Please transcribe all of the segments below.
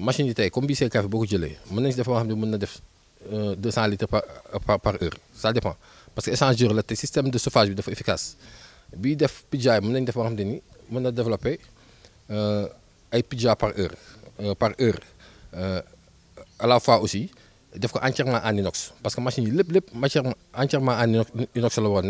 machine de taille, comme bii café beaucoup de lait. mën nañ si def 200 euh, litres par heure ça dépend parce que échangeur la le système de chauffage bi dafa efficace bii def pizza yi mën nañ def loo xam ne ni mën euh, euh, par heure par heure à la fois aussi def ko entièrement en inox parce que la machine libre, libre, lépp entièrement en inox la war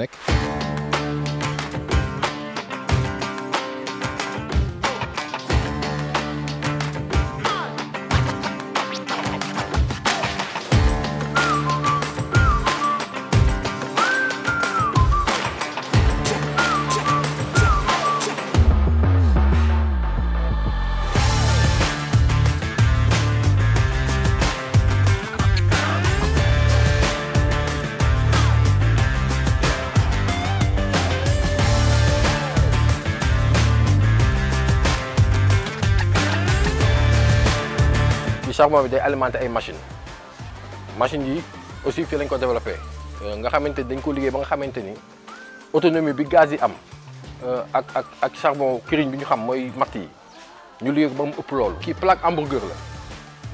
charbon bi day alimenté ay machine machine yi aussi fii lañ ko développé euh, nga xamante dañ koo liggéey ba nga xamante ni autonomie bi gaz yi am euh, ak ak ak charbon kiriñ bi ñu xam mooy matt yi ñu liggéey ko ba mu ëpp loolu kii plaque hamburger la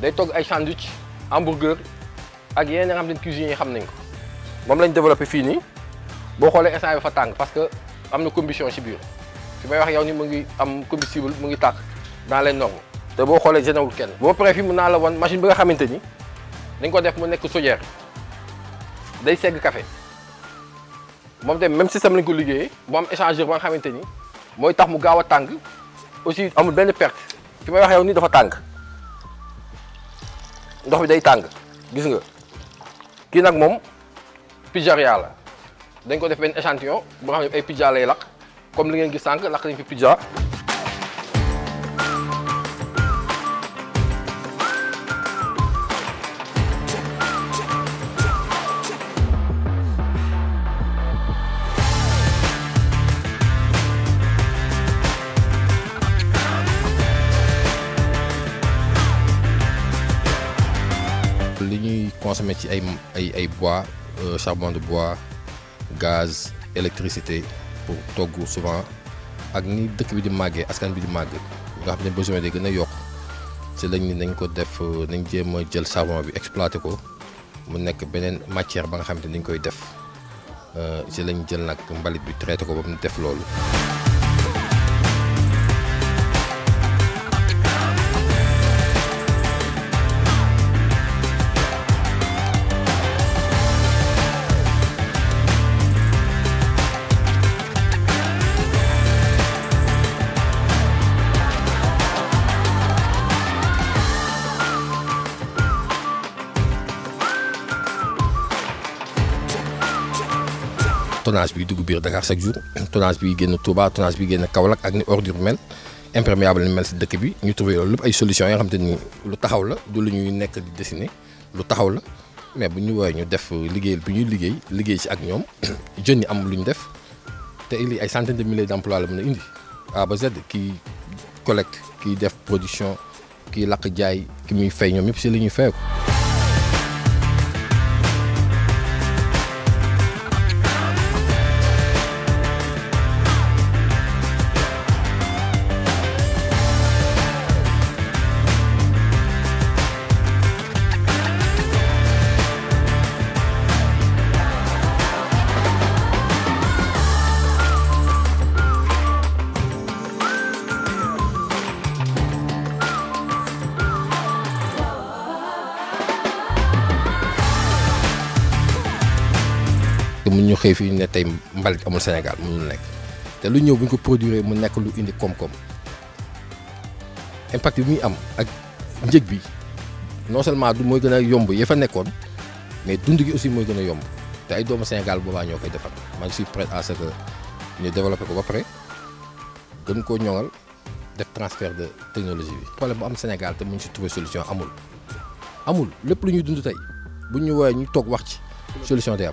day togg ay sandwich hamburger ak yeneen nga xam ne cuisiniers yi xam nañ ko moom lañ développé fii nii boo xoolee instant bi fa tàng parce que am na combustion ci biir fi may wax yow ni mu ngi am combustible mu ngi tàkk dans les te boo xoolee génewul kenn boo paree fi mën naa la wan machine bi nga xamante ni dañ ko def mu nekk soudure day segg kafe moom dem même système lañ ko liggéeyee mu am ba nga xamante ni mooy tax mu gaaw a tàng aussi amul benn perte fi may wax yow nii dafa tàng ndox bi day tàng gis nga kii nag moom pizzeria la dañ ko def benn échantillon boo xam ne ay pizza lay lakk comme li ngeen gis sànq lakk nañ fi pizza consommé ci ay ay bois euh, charbon de bois gaz électricité pour togo souvent ak ni dëkk bi di askan bi di des besoin de a ni ko euh, charbon exploité ko mu nek matière ba nga xam ne dañ koy def euh, mbalit bi tonnage bi dugg biir Dakar chaque jour tonnage bi génn Touba tonnage bi génn Kaolack ak ni ordure mel imperméable ni mel si dëkk bi ñu trouvé loolu lépp ay solution nga xam te ni lu taxaw la du lu ñuy nekk di dessiner lu taxaw la mais bu ñu woy ñu def liggéeyal bi ñuy liggéey liggéey ci ak ñoom jeunes yi am lu ñu def te lii ay centaine de milliers d'emplois la mën a indi A ba Z kii collecte kii def production kii lakk jaay ki muy fay ñoom yëpp si li ñuy fay mun ñu xëy fii ñu ne tey mbalit amul Sénégal mënul nekk te lu ñëw bu ñu ko produire mu nekk lu indi koom-koom impact bi muy am ak njëg bi non seulement du mooy gën a yomb ya fa nekkoon mais dund gi aussi mooy gën a yomb te ay doomu Sénégal boobaa ñoo koy defar man je suis prêt à ce que ñu développé ko ba pare gën koo ñoŋal def transfert de technologie bi. problème bu am Sénégal te muñ si trouver solution amul amul lépp lu ñuy dund tey bu ñu woowee ñu toog wax ci solution am.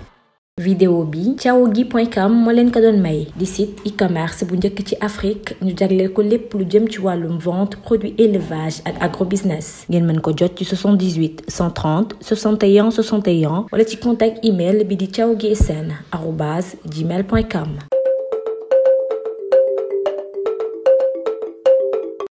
vidéo bi thiaogi.com moulen kadon ko may di site e-commerce bu ñëk ci Afrique ñu jagleel ko lépp lu jëm ci walum vente produit élevage ak agrobusiness ngeen mën ko jot 78 130 61 61 wala ci contact email bi di thiaogisn gmail.com